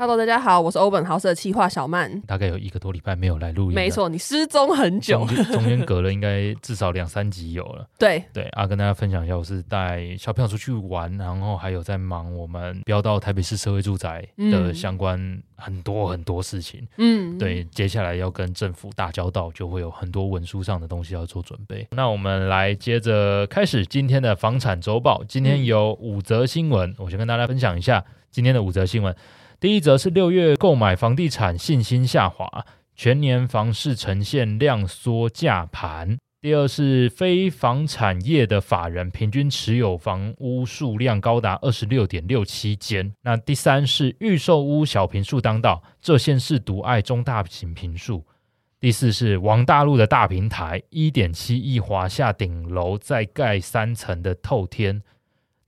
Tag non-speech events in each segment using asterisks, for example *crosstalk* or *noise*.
Hello，大家好，我是歐本豪斯的企劃小曼。大概有一個多禮拜沒有來錄音。沒錯，你失蹤很久中，中間隔了應該至少兩三集有了。 *laughs* 對對啊，跟大家分享一下，我是帶小朋友出去玩，然後還有在忙我們標到台北市社會住宅的相關很多很多事情。嗯，對，接下來要跟政府打交道，就會有很多文書上的東西要做準備。嗯、那我們來接着開始今天的房產週報。今天有五則新聞，嗯、我先跟大家分享一下今天的五則新聞。第一則是六月購買房地產信心下滑，全年房市呈現量縮價盤。第二是非房產業的法人平均持有房屋數量高達二十六點六七間。那第三是預售屋小坪數當道，這縣市獨愛中大型坪數。第四是王大陸的大平台，一點七億華廈頂樓再蓋三層的透天。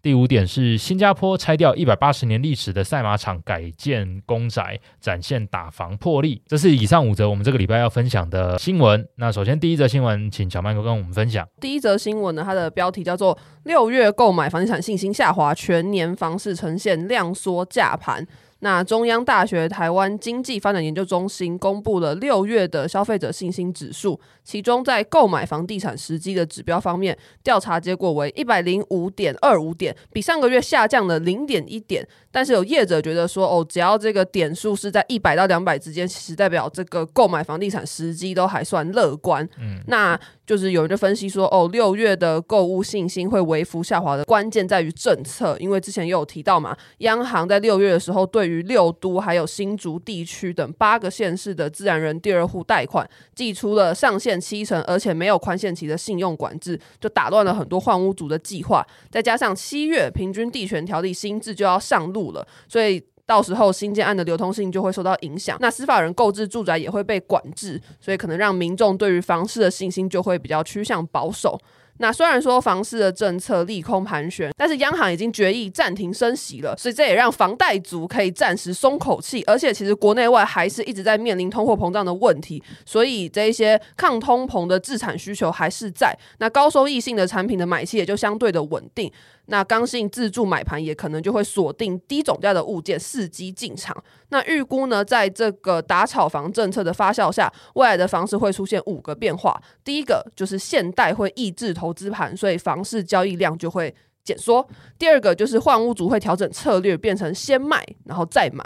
第五點是新加坡拆掉一百八十年歷史的賽馬場，改建公宅，展現打房魄力。這是以上五則我們這個禮拜要分享的新聞。那首先第一則新聞，請小麥哥跟我們分享。第一則新聞呢，它的標題叫做“六月購買房地產信心下滑，全年房市呈現量縮價盤”。那中央大學台灣經濟發展研究中心公布了六月的消費者信心指數，其中在購買房地產時機的指標方面，調查結果為一百零五點二五點，比上個月下降了零點一點。但是有業者覺得說，哦，只要這個點數是在一百到兩百之間，其實代表這個購買房地產時機都還算樂觀。嗯，那就是有人就分析說，哦，六月的購屋信心會微幅下滑的關鍵在於政策，因為之前也有提到嘛，央行在六月的時候對於於六都還有新竹地區等八個縣市的自然人第二戶貸款，祭出了上限七成，而且沒有寬限期的信用管制，就打亂了很多換屋族的計劃。再加上七月平均地權條例新制就要上路了，所以到時候新建案的流通性就會受到影響。那司法人購置住宅也會被管制，所以可能讓民眾對於房市的信心就會比較趨向保守。那雖然說房市的政策利空盤旋，但是央行已經決議暫停升息了，所以這也讓房貸族可以暫時鬆口氣。而且其實國內外還是一直在面臨通貨膨脹的問題，所以這一些抗通膨的資產需求還是在。那高收益性的產品的買氣也就相對的穩定。那剛性自住買盤也可能就會鎖定低總價的物件，伺機進場。那預估呢，在這個打炒房政策的發酵下，未來的房市會出現五個變化。第一個就是限貸會抑制投。資盤，所以房市交易量就會減縮。第二個就是換屋主會調整策略，變成先賣，然後再買。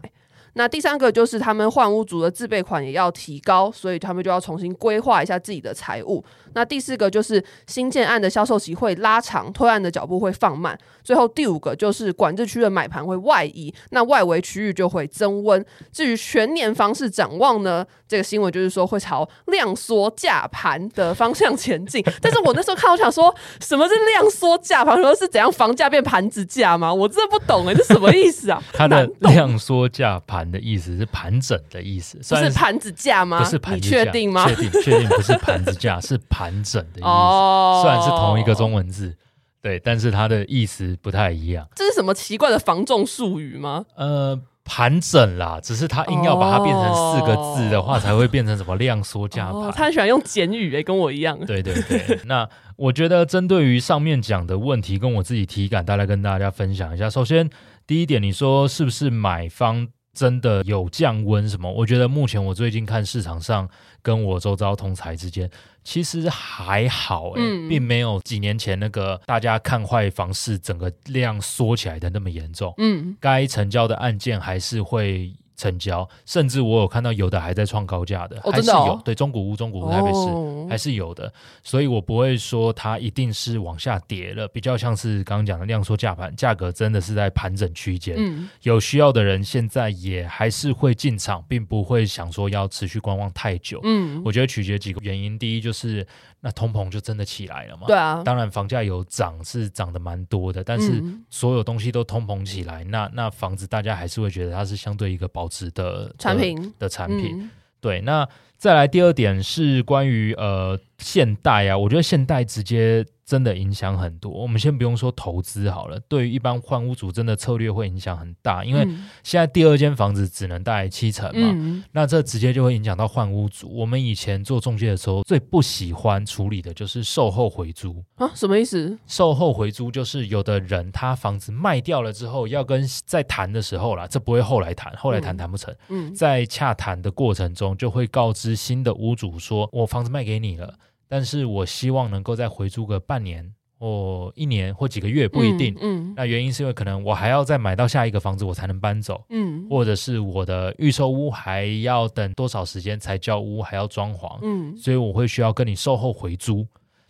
那第三個就是他們換屋族的自備款也要提高，所以他們就要重新規劃一下自己的財務。那第四個就是新建案的銷售期會拉長，推案的腳步會放慢。最後第五個就是管制區的買盤會外移，那外圍區域就會增溫。至於全年房市展望呢，這個新聞就是說會朝量縮價盤的方向前進。 *laughs* 但是我那時候看，我想說什麼是量縮價盤？什麼是怎樣房價變盤子價嗎？我真的不懂哎、欸，這什麼意思啊？它 *laughs* 他的懂量縮價盤。的意思是盤整的意思，雖然是盤子價嗎？不是盤子價，確定嗎？確定，確定不是盤子價，是盤整的意思，哦、雖然是同一個中文字，對，但是它的意思不太一樣。這是什麼奇怪的房仲術語嗎？呃，盤整啦，只是它硬要把它變成四個字的話，哦、才會變成什麼量縮價盤。哦、他喜歡用簡語、欸，哎，跟我一樣。對對對，那我覺得針對於上面講的問題，跟我自己體感，大概跟大家分享一下。首先，第一點，你說是不是買方？真的有降溫什麼？我覺得目前我最近看市場上跟我周遭同儕，之間其實還好，誒，嗯、並沒有幾年前那個大家看壞房市整個量縮起來的那麼嚴重，嗯、該成交的案件還是會。成交，甚至我有看到有的還在創高價的，哦、還是有、哦、對中古屋、中古屋台北市、哦、還是有的，所以我不會說它一定是往下跌了，比較像是剛剛講的量縮價盤，價格真的是在盤整區間。嗯、有需要的人現在也還是會進場，並不會想說要持續觀望太久。嗯，我覺得取決幾個原因，第一就是那通膨就真的起來了嘛。對啊，當然房價有漲是漲得蠻多的，但是所有東西都通膨起來，嗯、那那房子大家還是會覺得它是相對一個保。值的產品的，的產品，嗯、對，那再來第二點是關於呃現代啊，我覺得現代直接。真的影響很多，我們先不用說投資好了。對於一般換屋主，真的策略會影響很大，因為現在第二間房子只能貸七成嘛，嗯、那這直接就會影響到換屋主。我們以前做中介的時候，最不喜歡處理的就是售後回租啊，什麼意思？售後回租就是有的人他房子賣掉了之後，要跟在談的時候啦，這不會後來談，後來談談不成。嗯，嗯，在洽談的過程中，就會告知新的屋主說：“我房子賣給你了。”但是我希望能夠再回租個半年或一年或幾個月，不一定。嗯，嗯，那原因是因為可能我還要再買到下一個房子，我才能搬走。嗯，或者是我的預售屋還要等多少時間才交屋，還要裝潢。嗯，所以我會需要跟你售後回租。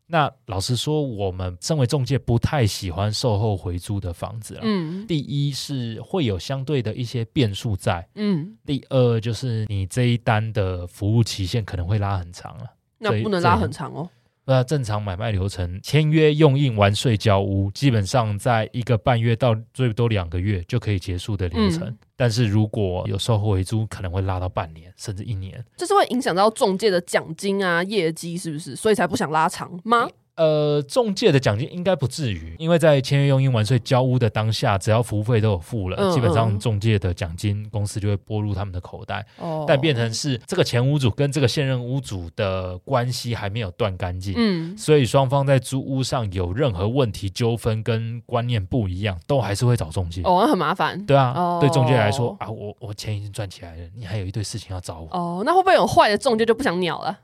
那老實說，我們身為中介不太喜歡售後回租的房子了。嗯，第一是會有相對的一些變數在。嗯，第二就是你這一單的服務期限可能會拉很長了。那不能拉很長哦。那正常買賣流程，簽約、用印、完稅、交屋，基本上在一個半月到最多兩個月就可以結束的流程。嗯、但是如果有售後回租，可能會拉到半年甚至一年。這是會影響到仲介的獎金啊、業績，是不是？所以才不想拉長嗎？呃，仲介的獎金應該不至於，因為在簽約、用印、完稅、交屋的當下，只要服務費都有付了，嗯嗯，基本上仲介的獎金公司就會撥入他們的口袋。哦、但變成是這個前屋主跟這個現任屋主的關係還沒有斷乾淨，嗯，所以雙方在租屋上有任何問題糾紛跟觀念不一樣，都還是會找仲介，哦，那很麻煩，對啊。哦、對仲介來說啊，我我錢已經賺起來了，你還有一堆事情要找我，哦，那會不會有壞的仲介就不想鳥了？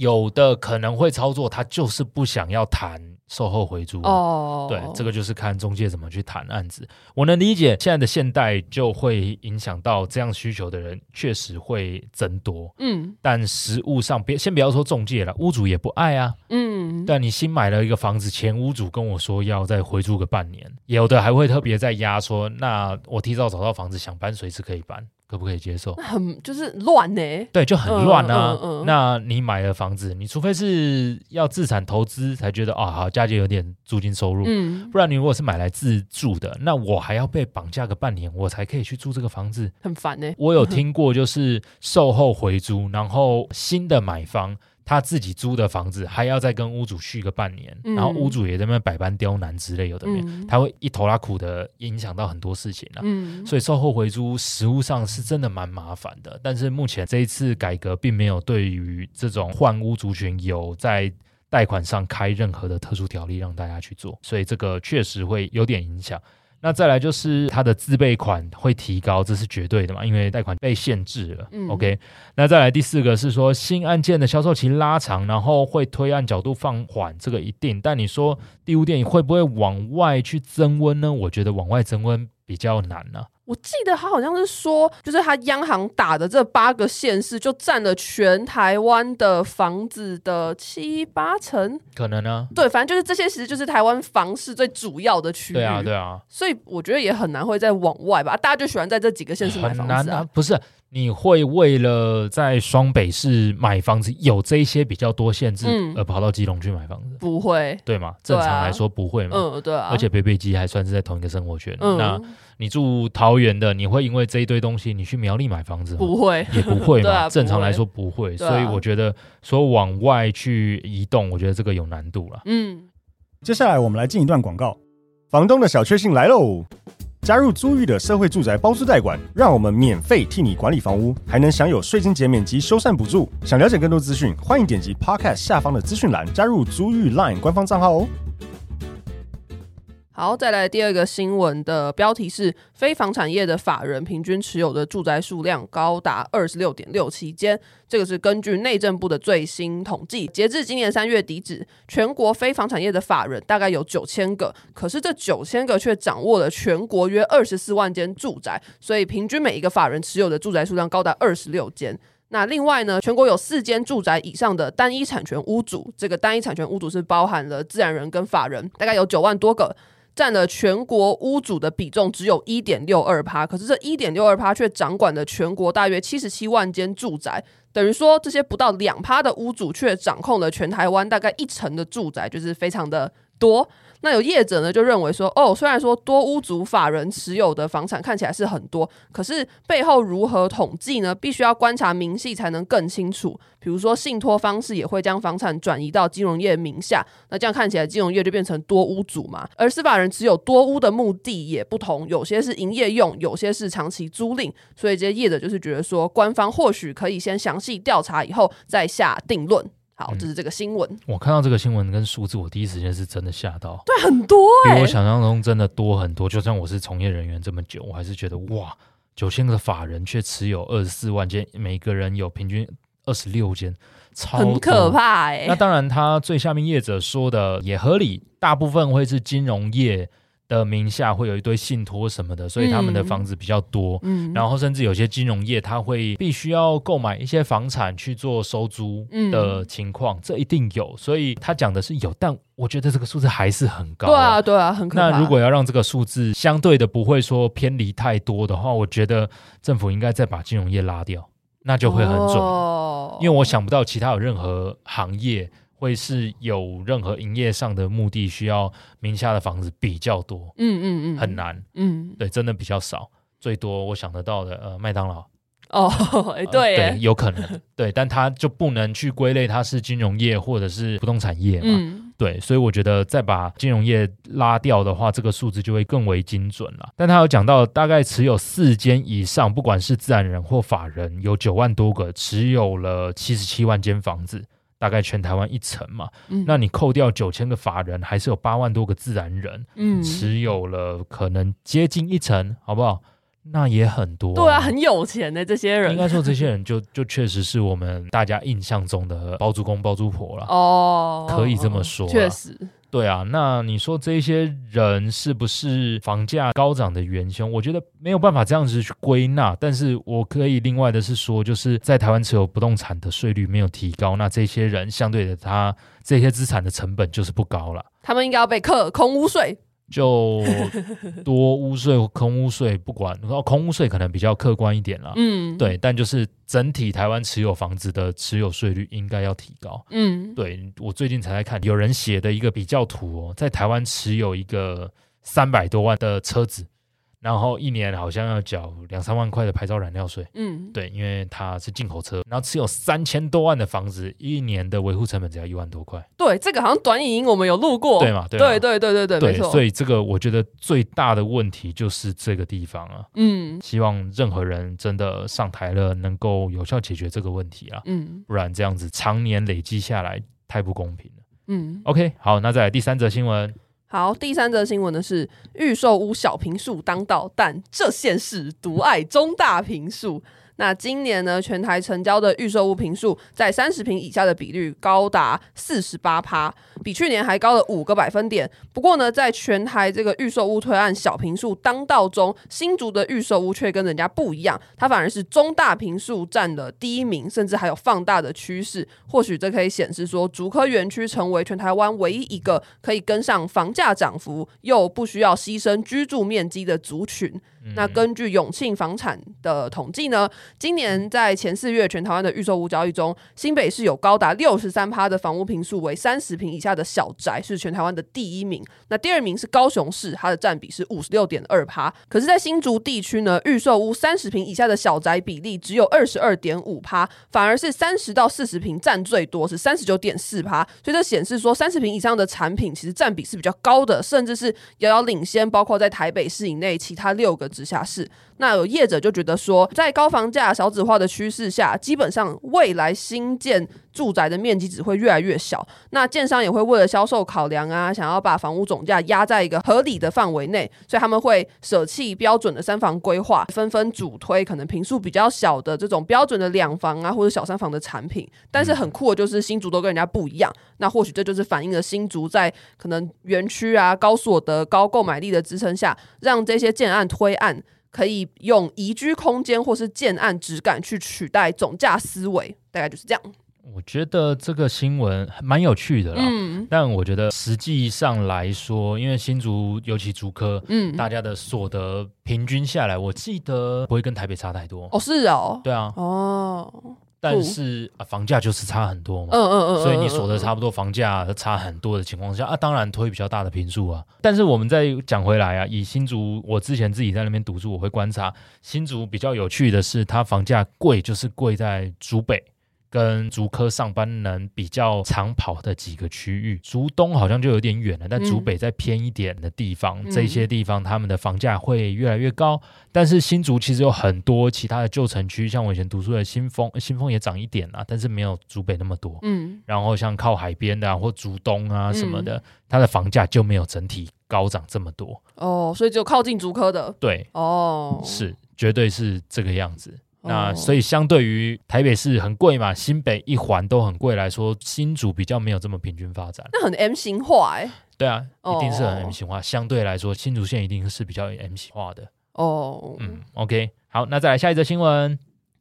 有的可能會操作，他就是不想要談售後回租哦。Oh. 對，這個就是看中介怎麼去談案子。我能理解，現在的限貸就會影響到這樣需求的人，確實會增多。嗯，但實務上別，別先不要說中介了，屋主也不愛啊。嗯，但你新買了一個房子，前屋主跟我說要再回租個半年，有的還會特別在壓說，那我提早找到房子想搬，隨時可以搬。可不可以接受？很就是亂呢、欸，對，就很亂呢、啊。嗯嗯嗯、那你買了房子，你除非是要資產投資才覺得哦，好，家裡有點租金收入。嗯，不然你如果是買來自住的，那我還要被綁架個半年，我才可以去住這個房子，很煩呢、欸。我有聽過，就是售後回租，嗯哼，然後新的買方。他自己租的房子還要再跟屋主續個半年，嗯、然後屋主也在那邊百般刁難之類有的面，嗯、他會一頭拉苦的影響到很多事情、啊、嗯，所以售後回租實務上是真的蠻麻煩的，但是目前這一次改革並沒有對於這種換屋族群有在貸款上開任何的特殊條例讓大家去做，所以這個確實會有點影響。那再來就是它的自備款會提高，這是絕對的嘛，因為貸款被限制了。嗯、OK，那再來第四個是說新案件的銷售期拉長，然後會推案角度放緩，這個一定。但你說第五點你會不會往外去增溫呢？我覺得往外增溫比較難了、啊。我記得他好像是說，就是他央行打的這八個縣市，就占了全台灣的房子的七八成，可能呢？對，反正就是這些，其實就是台灣房市最主要的區域。對啊，對啊，所以我覺得也很難會再往外吧，大家就喜歡在這幾個縣市買房子啊。很難啊，不是。你會為了在雙北市買房子有這一些比較多限制，而跑到基隆去買房子？嗯，不會，對嗎？正常來說不會嘛。嗯，對、啊。而且北北基還算是在同一個生活圈。嗯，那你住桃園的，你會因為這一堆東西，你去苗栗買房子嗎？不會，也不會嘛？ *laughs* 啊，正常來說不會。啊，所以我覺得說往外去移動，我覺得這個有難度了。嗯，接下來我們來進一段廣告，房東的小確幸來嘍。加入租寓的社會住宅包租代管，讓我們免費替你管理房屋，還能享有稅金減免及修繕補助。想了解更多資訊，歡迎點擊 Podcast 下方的資訊欄，加入租寓 Line 官方賬號哦。好，再來第二個新聞的標題是：非房產業的法人平均持有的住宅數量高達二十六點六七間。這個是根據內政部的最新統計，截至今年三月底止，全國非房產業的法人大概有九千個，可是這九千個卻掌握了全國約二十四萬間住宅，所以平均每一個法人持有的住宅數量高達二十六間。那另外呢，全國有四間住宅以上的單一產權屋主，這個單一產權屋主是包含了自然人跟法人，大概有九萬多個。佔了全國屋主的比重只有一點六二趴，可是這一點六二趴卻掌管了全國大約七十七萬間住宅，等於說，這些不到兩趴的屋主卻掌控了全台灣大概一成的住宅，就是非常的多。那有業者呢，就認為說，哦，雖然說多屋主法人持有的房產看起來是很多，可是背後如何統計呢？必須要觀察明細才能更清楚。比如說信托方式也會將房產轉移到金融業名下，那這樣看起來金融業就變成多屋主嘛。而司法人持有多屋的目的也不同，有些是營業用，有些是長期租賃。所以這些業者就是覺得說，官方或許可以先詳細調查以後再下定論。好，就是這個新聞、嗯。我看到這個新聞跟數字，我第一時間是真的嚇到。對，很多、欸，比我想象中真的多很多。就算我是從業人員這麼久，我還是覺得哇，九千個法人卻持有二十四萬間，每個人有平均二十六間超很可怕哎、欸、嗯。那當然，他最下面業者說的也合理，大部分會是金融業。的名下會有一堆信託什麼的，所以他們的房子比較多。嗯，嗯，然後甚至有些金融業，他會必須要購買一些房產去做收租的情況，嗯、這一定有。所以他講的是有，但我覺得這個數字還是很高。對啊，對啊，很可。那如果要讓這個數字相對的不會說偏離太多的話，我覺得政府應該再把金融業拉掉，那就會很準。哦因為我想不到其他有任何行業。會是有任何營業上的目的，需要名下的房子比較多，嗯嗯嗯，嗯嗯很難，嗯，對，真的比較少，最多我想得到的，呃，麥當勞，哦，呃、對耶，對，有可能，對，但他就不能去歸類他是金融業或者是不動產業嘛，嗯、對，所以我覺得再把金融業拉掉的話，這個數字就會更為精準了。但他有講到，大概持有四間以上，不管是自然人或法人，有九萬多個，持有了七十七萬間房子。大概全台灣一成嘛，嗯、那你扣掉九千個法人，還是有八萬多個自然人，嗯、持有了可能接近一成，好不好？那也很多，啊，對啊，很有錢的，欸、這些人，應該說這些人就就確實是我們大家印象中的包租公包租婆了，哦，可以這麼說，確實。對啊，那你說這些人是不是房價高漲的元兇？我覺得沒有辦法這樣子去歸納，但是我可以另外的是說，就是在台灣持有不動產的稅率沒有提高，那這些人相對的他這些資產的成本就是不高了。他們應該要被課空屋稅。就多屋稅、或空屋稅不管，然後空屋稅可能比較客觀一點啦。嗯，對，但就是整體台灣持有房子的持有稅率應該要提高。嗯，對，我最近才在看有人寫的一個比較圖哦，在台灣持有一個三百多萬的車子，然後一年好像要繳兩三萬塊的牌照燃料稅，嗯，對，因為它是進口車，然後持有三千多萬的房子，一年的維護成本只要一萬多塊。對，這個好像短影音我們有錄過，對，對嘛？對對對對對對，沒錯。所以這個我覺得最大的問題就是這個地方啊，嗯，希望任何人真的上台了，能夠有效解決這個問題啊，嗯，不然這樣子常年累積下來太不公平了，嗯。OK，好，那再來第三則新聞。好，第三則新聞呢是預售屋小坪數當道，但這縣市獨愛中大坪數。那今年呢，全台成交的預售屋坪數在三十坪以下的比率高達四十八趴，比去年還高了五個百分點。不過呢，在全台這個預售屋推案小坪數當道中，新竹的預售屋卻跟人家不一樣，它反而是中大坪數佔了第一名，甚至還有放大的趨勢。或許這可以顯示說，竹科園區成為全台灣唯一一個可以跟上房價漲幅，又不需要犧牲居住面積的族群。那根據永慶房產的統計呢，今年在前四月全台灣的預售屋交易中，新北市有高達六十三趴的房屋坪數為三十坪以下的小宅是全台灣的第一名。那第二名是高雄市，它的占比是五十六點二趴。可是，在新竹地區呢，預售屋三十坪以下的小宅比例只有二十二點五趴，反而是三十到四十坪占最多是三十九點四趴。所以這顯示說，三十坪以上的產品其實占比是比較高的，甚至是遙遙領先。包括在台北市以內，其他六個。直轄市。那有業者就覺得說，在高房價、少子化的趨勢下，基本上未來新建住宅的面積只會越來越小。那建商也會為了銷售考量啊，想要把房屋總價壓在一個合理的範圍內，所以他們會捨棄標準的三房規劃，紛紛主推可能坪數比較小的這種標準的兩房啊，或者小三房的產品。但是很酷的就是新竹都跟人家不一樣，那或許這就是反映了新竹在可能園區啊、高所得、高購買力的支撐下，讓這些建案推案。可以用宜居空間或是建案質感去取代總價思維，大概就是這樣。我覺得這個新聞蠻有趣的啦。嗯，但我覺得實際上來說，因為新竹尤其竹科，嗯，大家的所得平均下來，我記得不會跟台北差太多。哦，是哦，對啊，哦。但是啊，房價就是差很多嘛，嗯嗯嗯，所以你所得差不多，房價差很多的情況下啊，當然推比較大的坪數啊。但是我們再講回來啊，以新竹，我之前自己在那邊讀書，我會觀察新竹比較有趣的是，它房價貴就是貴在竹北。跟竹科上班能比較常跑的幾個區域，竹東好像就有點遠了，但竹北再偏一點的地方，嗯、這些地方他們的房價會越來越高。嗯、但是新竹其實有很多其他的舊城區，像我以前讀書的新豐，新豐也漲一點了，但是沒有竹北那麼多。嗯，然後像靠海邊的、啊、或竹東啊什麼的，嗯、它的房價就沒有整體高漲這麼多。哦，所以只有靠近竹科的。對，哦，是，絕對是這個樣子。那所以，相對於台北市很貴嘛，新北一環都很貴來說，新竹比較沒有這麼平均發展，那很 M 型化哎、欸。對啊，一定是很 M 型化。Oh. 相對來說，新竹縣一定是比較 M 型化的哦。Oh. 嗯，OK，好，那再來下一則新聞。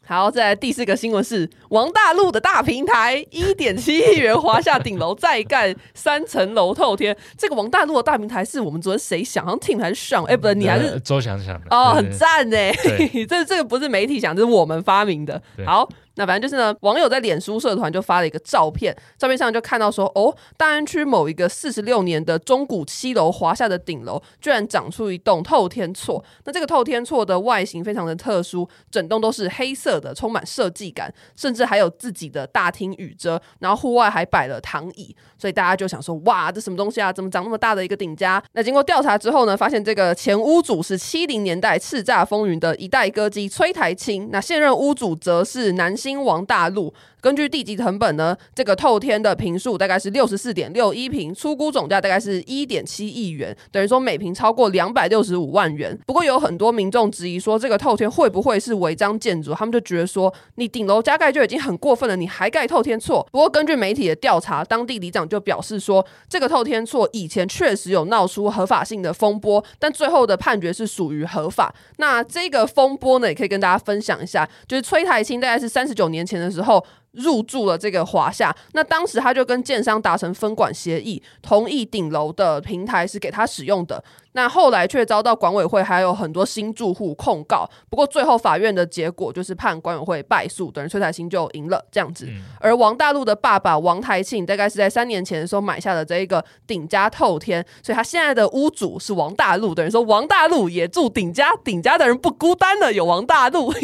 好，再來第四個新聞是王大陸的大平台，一點七億元華廈頂樓，再蓋三層樓透天。這個王大陸的大平台是我們昨天誰想？好像 Tim 還是 Shawn？欸，不是，你還是周翔想的哦，對對對很讚哎！對 *laughs* 這這個不是媒體想，這，就是我們發明的。好。那反正就是呢，網友在臉書社團就發了一個照片，照片上就看到說，哦，大安區某一個四十六年的中古七樓，華廈的頂樓居然長出一棟透天厝。那這個透天厝的外形非常的特殊，整棟都是黑色的，充滿設計感，甚至還有自己的大廳雨遮，然後戶外還擺了躺椅，所以大家就想說，哇，這什麼東西啊？怎麼長那麼大的一個頂加？那經過調查之後呢，發現這個前屋主是七零年代叱咤風雲的一代歌姬崔苔菁，那現任屋主則是男星。金王大陸。根據地級成本呢，這個透天的坪數大概是六十四點六一坪，初估總價大概是一點七億元，等於說每坪超過兩百六十五萬元。不過有很多民眾質疑說，這個透天會不會是違章建築？他們就覺得說，你頂樓加蓋就已經很過分了，你還蓋透天厝。不過根據媒體的調查，當地里長就表示說，這個透天厝以前確實有鬧出合法性的風波，但最後的判決是屬於合法。那這個風波呢，也可以跟大家分享一下，就是崔台清大概是三十九年前的時候。入住了這個華廈，那當時他就跟建商達成分管協議，同意頂樓的平台是給他使用的。那後來卻遭到管委會還有很多新住戶控告，不過最後法院的結果就是判管委會敗訴，等於崔彩星就贏了這樣子。嗯、而王大陸的爸爸王台慶大概是在三年前的時候買下的這一個頂家透天，所以他現在的屋主是王大陸。等於說王大陸也住頂家，頂家的人不孤單的，有王大陸。 *laughs*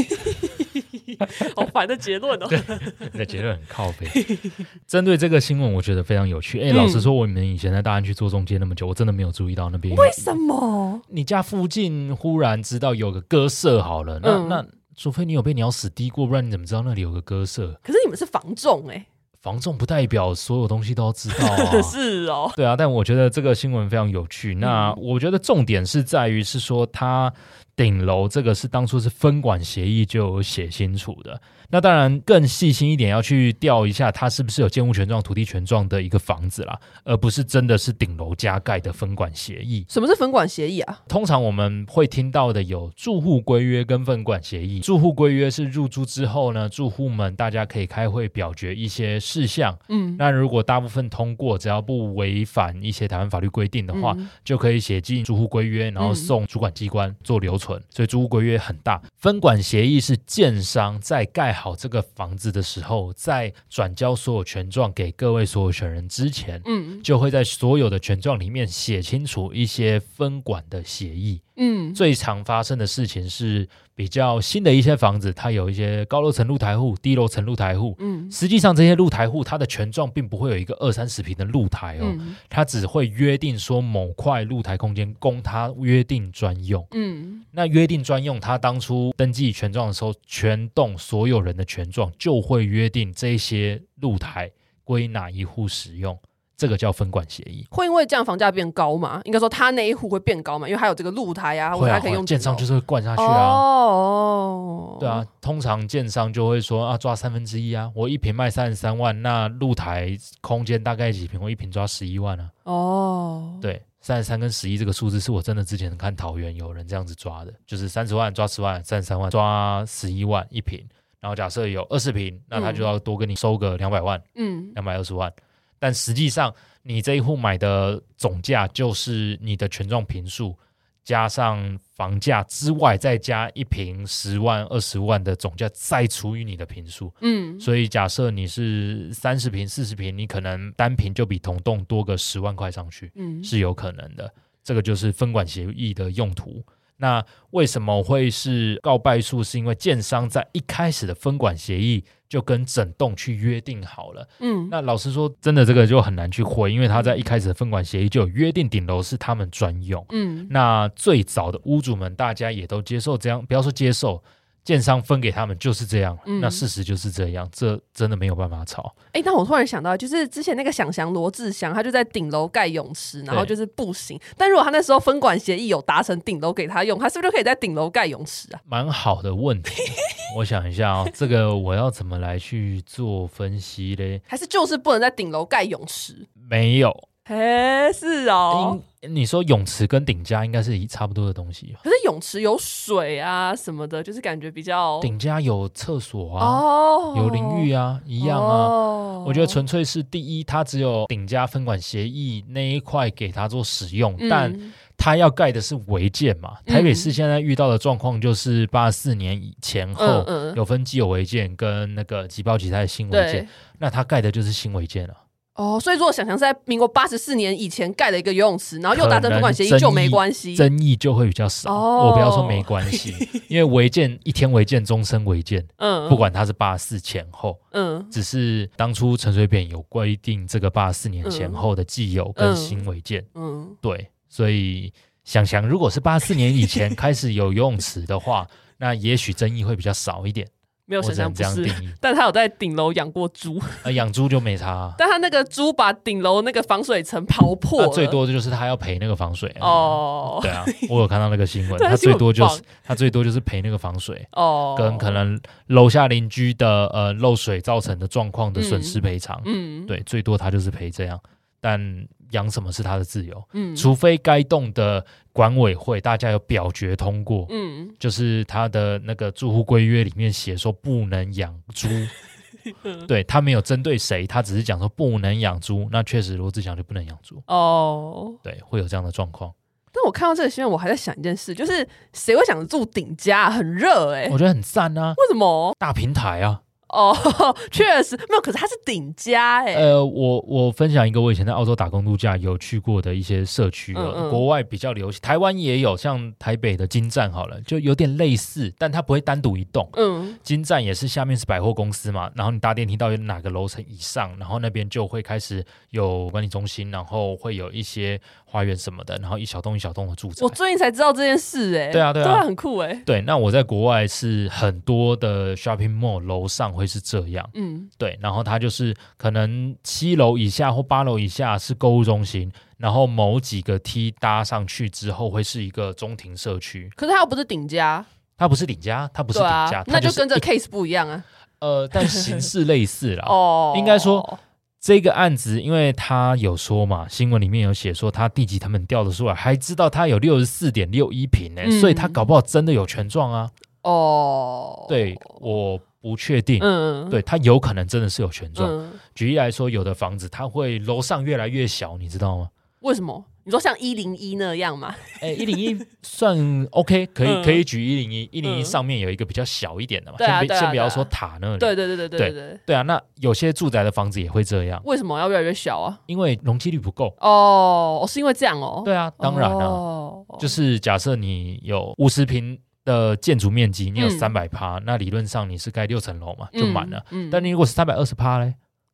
*laughs* 好煩的結論哦對！那 *laughs* 結論很靠北。針對這個新聞，我覺得非常有趣。哎、欸，嗯、老實說，我們以前在大安區做中介那麼久，我真的沒有注意到那邊。為什麼？你家附近忽然知道有個鴿舍好了？嗯、那那，除非你有被鳥屎滴過，不然你怎麼知道那裡有個鴿舍？可是你們是房仲哎、欸，房仲不代表所有東西都要知道啊。 *laughs* 是哦，對啊。但我覺得這個新聞非常有趣。那我覺得重點是在於是說他。頂樓這個是當初是分管協議就寫清楚的，那當然更細心一點要去調一下，它是不是有建物權狀、土地權狀的一個房子啦，而不是真的是頂樓加蓋的分管協議。什麼是分管協議啊？通常我們會聽到的有住戶規約跟分管協議。住戶規約是入住之後呢，住戶們大家可以開會表決一些事項，嗯，那如果大部分通過，只要不違反一些台灣法律規定的話，嗯、就可以寫進住戶規約，然後送主管機關做留存。所以租屋規約很大，分管協議是建商在蓋好這個房子的時候，在轉交所有權狀給各位所有權人之前，嗯，就會在所有的權狀裡面寫清楚一些分管的協議。嗯，最常發生的事情是比較新的一些房子，它有一些高樓層露台戶、低樓層露台戶。嗯，實際上這些露台戶，它的權狀並不會有一個二三十平的露台哦，嗯，它只會約定說某塊露台空間供它約定專用。嗯，那約定專用，它當初登記權狀的時候，全棟所有人的權狀就會約定這些露台歸哪一戶使用。這個叫分管協議。會因為這樣房價變高嘛？應該說他那一戶會變高嘛，因為它有這個露台啊，我還可以用。啊、建商就是會灌下去啊。哦，對啊，通常建商就會說啊，抓三分之一啊，我一平賣三十三萬，那露台空間大概幾平？我一平抓十一萬啊。哦，對，三十三跟十一這個數字是我真的之前看桃園有人這樣子抓的，就是三十萬抓十萬，三十三萬抓十一萬一平，然後假設有二十平，那他就要多給你收個兩百萬，嗯，兩百二十萬。但實際上，你這一戶買的總價就是你的權重坪數加上房價之外，再加一坪十萬、二十萬的總價，再除以你的坪數。嗯，所以假設你是三十坪、四十坪，你可能單坪就比同棟多個十萬塊上去，是有可能的。嗯，這個就是分管協議的用途。那為什麼會是告敗訴？是因為建商在一開始的分管協議就跟整棟去約定好了。嗯，那老實說，真的這個就很難去回，因為他在一開始的分管協議就有約定頂樓是他們專用。嗯，那最早的屋主們，大家也都接受這樣，不要說接受。建商分給他們就是這樣，嗯、那事實就是這樣，這真的沒有辦法炒。哎、欸，那我突然想到，就是之前那個想象，羅志祥，他就在頂樓蓋泳池，然後就是不行。對但如果他那時候分管協議有達成頂樓給他用，他是不是就可以在頂樓蓋泳池啊？蠻好的問題，我想一下哦， *laughs* 這個我要怎麼來去做分析嘞？還是就是不能在頂樓蓋泳池？沒有。嘿，是哦你。你說泳池跟頂加應該是一差不多的東西，可是泳池有水啊什麼的，就是感覺比較頂加有廁所啊，哦、有淋浴啊，一樣啊。哦、我覺得純粹是第一，它只有頂加分管協議那一塊給它做使用，嗯、但它要蓋的是違建嘛。台北市現在遇到的狀況就是八四年前後、嗯嗯、有分既有違建跟那個即報即拆的新違建，對那它蓋的就是新違建了。哦，oh, 所以如果想想是在民國八十四年以前蓋了一個游泳池，然後又達成托管協議，就沒關係，爭議就會比較少。Oh, 我不要說沒關係， *laughs* 因為違建一天違建，終身違建。嗯，不管它是八四前後，嗯，只是當初陳水扁有規定，這個八四年前後的既有跟新違建嗯，嗯，對。所以，想想如果是八四年以前開始有游泳池的話， *laughs* 那也許爭議會比較少一點。沒有神像不是，但他有在頂樓養過豬。啊、呃，養豬就沒差、啊，但他那個豬把頂樓那個防水層刨破了，呃、最多的就是他要賠那個防水哦、嗯。對啊，我有看到那個新聞， *laughs* 他最多就是他最多就是賠那個防水哦，跟可能樓下鄰居的呃漏水造成的狀況的損失賠償。嗯，嗯對，最多他就是賠這樣。但養什麼是他的自由，嗯，除非該棟的管委會大家有表決通過，嗯，就是他的那個住戶規約裡面寫說不能養豬，嗯、對，他沒有針對誰，他只是講說不能養豬，那確實羅志祥就不能養豬，哦，對，會有這樣的狀況。但我看到這個新聞，我還在想一件事，就是誰會想住頂加，很熱哎？欸，我覺得很讚啊，為什麼？大平台啊？哦，確實沒有，可是它是頂家欸。呃，我我分享一個我以前在澳洲打工度假有去過的一些社區，嗯嗯國外比較流行，台灣也有，像台北的金站好了，就有點類似，但它不會單獨一棟。嗯，金站也是下面是百貨公司嘛，然後你搭電梯到有哪個樓層以上，然後那邊就會開始有管理中心，然後會有一些花園什麼的，然後一小棟一小棟的住宅。我最近才知道這件事欸，對啊，對啊，對啊，很酷欸。對，那我在國外是很多的 shopping mall 樓上。會是這樣，嗯，對，然後它就是可能七樓以下或八樓以下是購物中心，然後某幾個梯搭上去之後會是一個中庭社區。可是它又不是頂加，它不是頂加，它不是頂加，啊、他就那就跟這 case 一不一樣啊。呃，但 *laughs* 形式類似啦。哦。應該說這個案子，因為他有說嘛，新聞裡面有寫說他地籍他們調的出來，還知道他有六十四點六一坪呢，嗯、所以他搞不好真的有權狀啊。哦，對我。不確定，嗯，對，它有可能真的是有權重。舉例來說，有的房子它會樓上越來越小，你知道嗎？為什麼？你說像一零一那樣嗎？哎，一零一算 OK，可以，可以舉一零一。一零一上面有一個比較小一點的嘛，先先不要說塔那裡。對對對對對對。對啊，那有些住宅的房子也會這樣。為什麼要越來越小啊？因為容積率不夠。哦，是因為這樣哦？對啊，當然啊。就是假設你有五十坪的建築面積，你有三百趴。嗯、那理論上你是蓋六層樓嘛，就滿了。嗯嗯、但你如果是三百二十趴呢？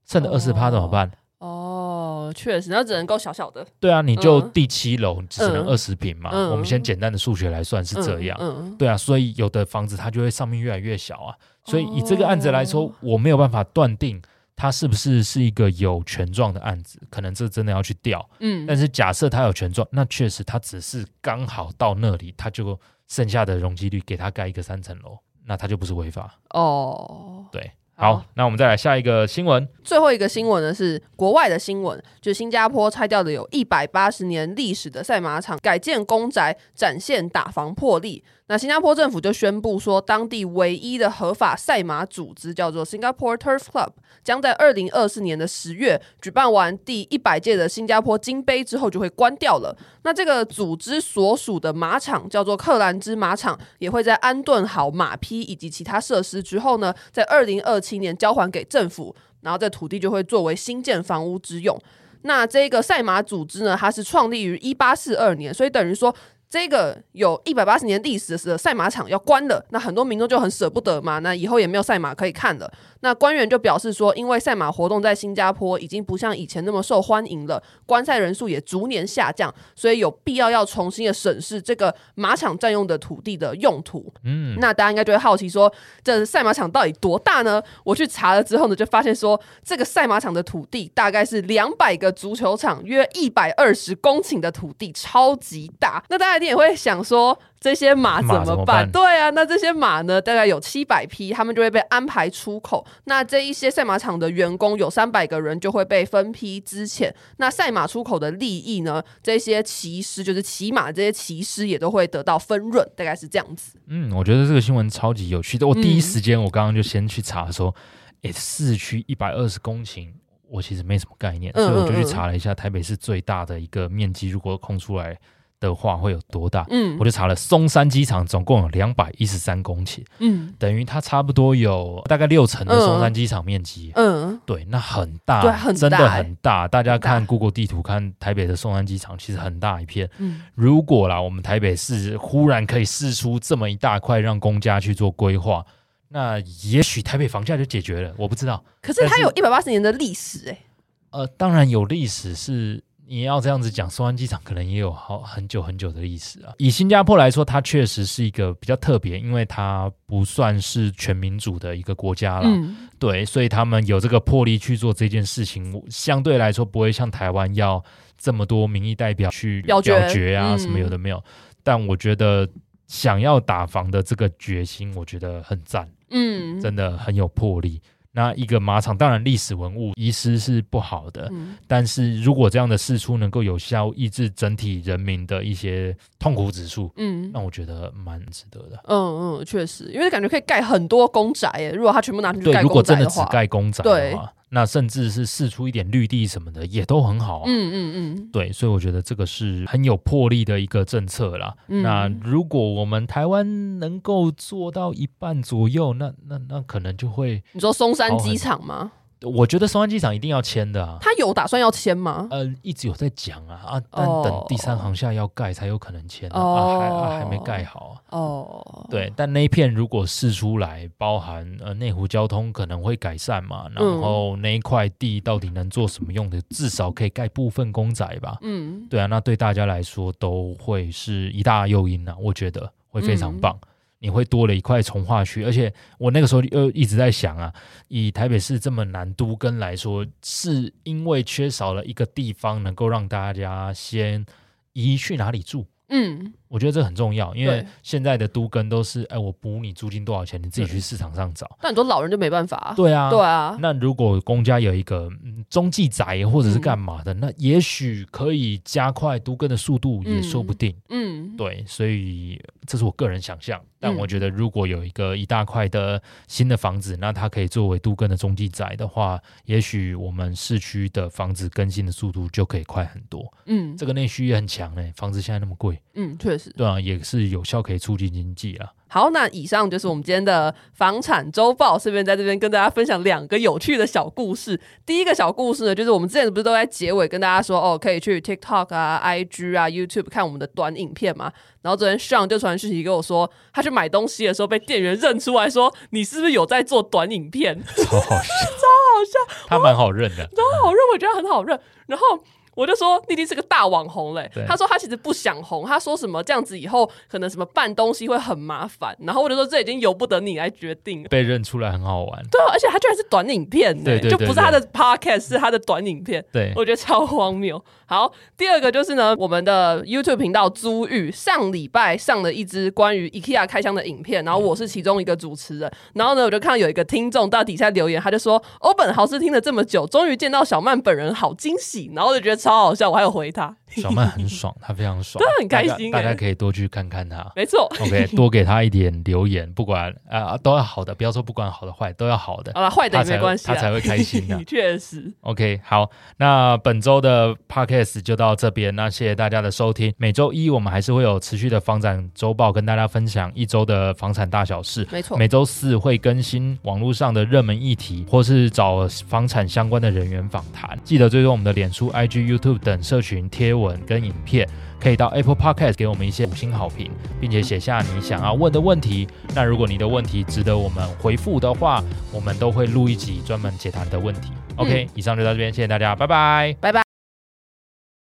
剩的二十趴怎麼辦？哦，哦、確實，那只能夠小小的。對啊，你就第七樓只能二十坪嘛。嗯嗯、我們先簡單的數學來算，是這樣。嗯嗯、對啊，所以有的房子它就會上面越來越小啊。所以以這個案子來說，哦、我沒有辦法斷定它是不是是一個有權狀的案子，可能這真的要去調。嗯、但是假設它有權狀，那確實它只是剛好到那裡，它就。剩下的容積率給他蓋一個三層樓，那他就不是違法哦。對，好，好，那我們再來下一個新聞。最後一個新聞呢是國外的新聞，就新加坡拆掉了有一百八十年歷史的賽馬場改建公宅，展現打房魄力。那新加坡政府就宣布說，當地唯一的合法賽馬組織叫做 Singapore Turf Club，將在二零二四年的十月舉辦完第一百屆的新加坡金杯之後，就會關掉了。那這個組織所屬的馬場叫做克蘭芝馬場，也會在安頓好馬匹以及其他設施之後呢，在二零二七年交還給政府，然後在土地就會作為新建房屋之用。那這個賽馬組織呢，它是創立於一八四二年，所以等於說。這個有一百八十年歷史的賽馬場要關了，那很多民眾就很捨不得嘛。那以後也沒有賽馬可以看了。那官員就表示說，因為賽馬活動在新加坡已經不像以前那麼受歡迎了，觀賽人數也逐年下降，所以有必要要重新的審視這個馬場佔用的土地的用途。嗯，那大家應該就會好奇說，這賽馬場到底多大呢？我去查了之後呢，就發現說，這個賽馬場的土地大概是兩百個足球場，約一百二十公頃的土地，超級大。那大家。你也會想說這些馬怎麼辦？麼辦對啊，那這些馬呢？大概有七百匹，他們就會被安排出口。那這一些賽馬場的員工有三百個人，就會被分批資遣。那賽馬出口的利益呢？這些騎師就是騎馬，這些騎師也都會得到分潤，大概是這樣子。嗯，我覺得這個新聞超級有趣的。我第一時間我剛剛就先去查說，嗯、誒，市區一百二十公頃，我其實沒什麼概念，嗯嗯嗯，所以我就去查了一下，台北市最大的一個面積，如果空出來。的話會有多大？嗯，我就查了松山機場總共有兩百一十三公頃，嗯，等於它差不多有大概六成的松山機場面積，嗯，嗯，對，那很大，對，很大欸，真的很大。大家看 Google 地圖，很大，看台北的松山機場其實很大一片。嗯，如果啦，我們台北市忽然可以釋出這麼一大塊讓公家去做規劃，那也許台北房價就解決了。我不知道，可是它有一百八十年的歷史，欸，呃，當然有歷史是。你要這樣子講，松灣機場可能也有好很久很久的歷史啊。以新加坡來說，它確實是一個比較特別，因為它不算是全民主的一個國家了，嗯、對，所以他們有這個魄力去做這件事情，相對來說不會像台灣要這麼多民意代表去表決，表決啊、嗯、什麼有的沒有。但我覺得想要打房的這個決心，我覺得很讚，嗯，真的很有魄力。那一個馬場當然歷史文物遺失是不好的，嗯、但是如果這樣的事出能夠有效抑制整體人民的一些痛苦指數，嗯，那我覺得蠻值得的。嗯嗯，確實，因為感覺可以蓋很多公宅耶。如果他全部拿出去蓋的對，如果真的只蓋公宅的話。那甚至是釋出一點綠地什麼的也都很好啊。嗯嗯嗯，嗯嗯對，所以我覺得這個是很有魄力的一個政策啦。嗯、那如果我們台灣能夠做到一半左右，那那那可能就會你說松山機場嗎？我覺得松山機場一定要遷的啊，他有打算要遷嗎？呃，一直有在講啊啊，但等第三航廈要蓋才有可能遷啊，oh. 啊，還啊還沒蓋好哦，啊。Oh. 對，但那一片如果釋出來，包含呃內湖交通可能會改善嘛，然後那一塊地到底能做什麼用的，嗯，至少可以蓋部分公宅吧。嗯，對啊，那對大家來說都會是一大誘因啊，我覺得會非常棒。嗯你會多了一塊重劃區，而且我那個時候又一直在想啊，以台北市這麼難都更來說，是因為缺少了一個地方能夠讓大家先移去哪裡住？嗯。我覺得這很重要，因為現在的都更都是，哎，我補你租金多少錢，你自己去市場上找。那很多老人就沒辦法啊。對啊，對啊。那如果公家有一個、嗯、中繼宅或者是幹嘛的，嗯、那也許可以加快都更的速度，也說不定。嗯，嗯對。所以這是我個人想象，但我覺得如果有一個一大塊的新的房子，嗯、那它可以作為都更的中繼宅的話，也許我們市區的房子更新的速度就可以快很多。嗯，這個內需也很強誒、欸，房子現在那麼貴。嗯，確實。對啊，也是有效可以促進經濟啊。好，那以上就是我們今天的房產週報。順便在這邊跟大家分享兩個有趣的小故事。第一個小故事呢，就是我們之前不是都在結尾跟大家說，哦，可以去 TikTok 啊、IG 啊、YouTube 看我們的短影片嘛。然後昨天 Sean 就傳訊息給我說，他去買東西的時候被店員認出來說，你是不是有在做短影片？超好笑， *laughs* 超好笑他蠻好認的，超好認，我覺得很好認。然後。我就說麗麗是個大網紅嘞，對他說他其實不想紅，他說什麼這樣子以後可能什麼辦東西會很麻煩，然後我就說這已經由不得你來決定了。被認出來很好玩，對、啊，而且他居然是短影片，對,對,對,對，就不是他的 podcast，是他的短影片，對我覺得超荒謬。好，第二個就是呢，我們的 YouTube 頻道租寓上禮拜上了一支關於 IKEA 開箱的影片，然後我是其中一個主持人，嗯、然後呢我就看到有一個聽眾到底下留言，他就說歐本豪斯聽了這麼久，終於見到小曼本人，好驚喜，然後我就覺得。超好笑，我還有回他。小曼很爽，她非常爽，都 *laughs* 很開心、欸大。大家可以多去看看她，沒錯錯。 *laughs* OK，多給她一點留言，不管啊、呃，都要好的，不要說不管好的壞，都要好的。啊，壞的也沒關係，她才，才會開心的。確 *laughs* 實。OK，好，那本周的 Podcast 就到這邊，那謝謝大家的收聽。每周一我們還是會有持續的房產周報，跟大家分享一周的房產大小事。沒錯錯。每周四會更新網絡上的熱門議題，或是找房產相關的人員訪談。記得追蹤我們的臉書、IG、YouTube 等社群貼文。文跟影片可以到 Apple Podcast 給我們一些五星好評，並且寫下你想要問的問題。那如果你的問題值得我們回復的話，我們都會錄一集專門解答的問題。OK，嗯，以上就到這邊，謝謝大家，拜拜，拜拜。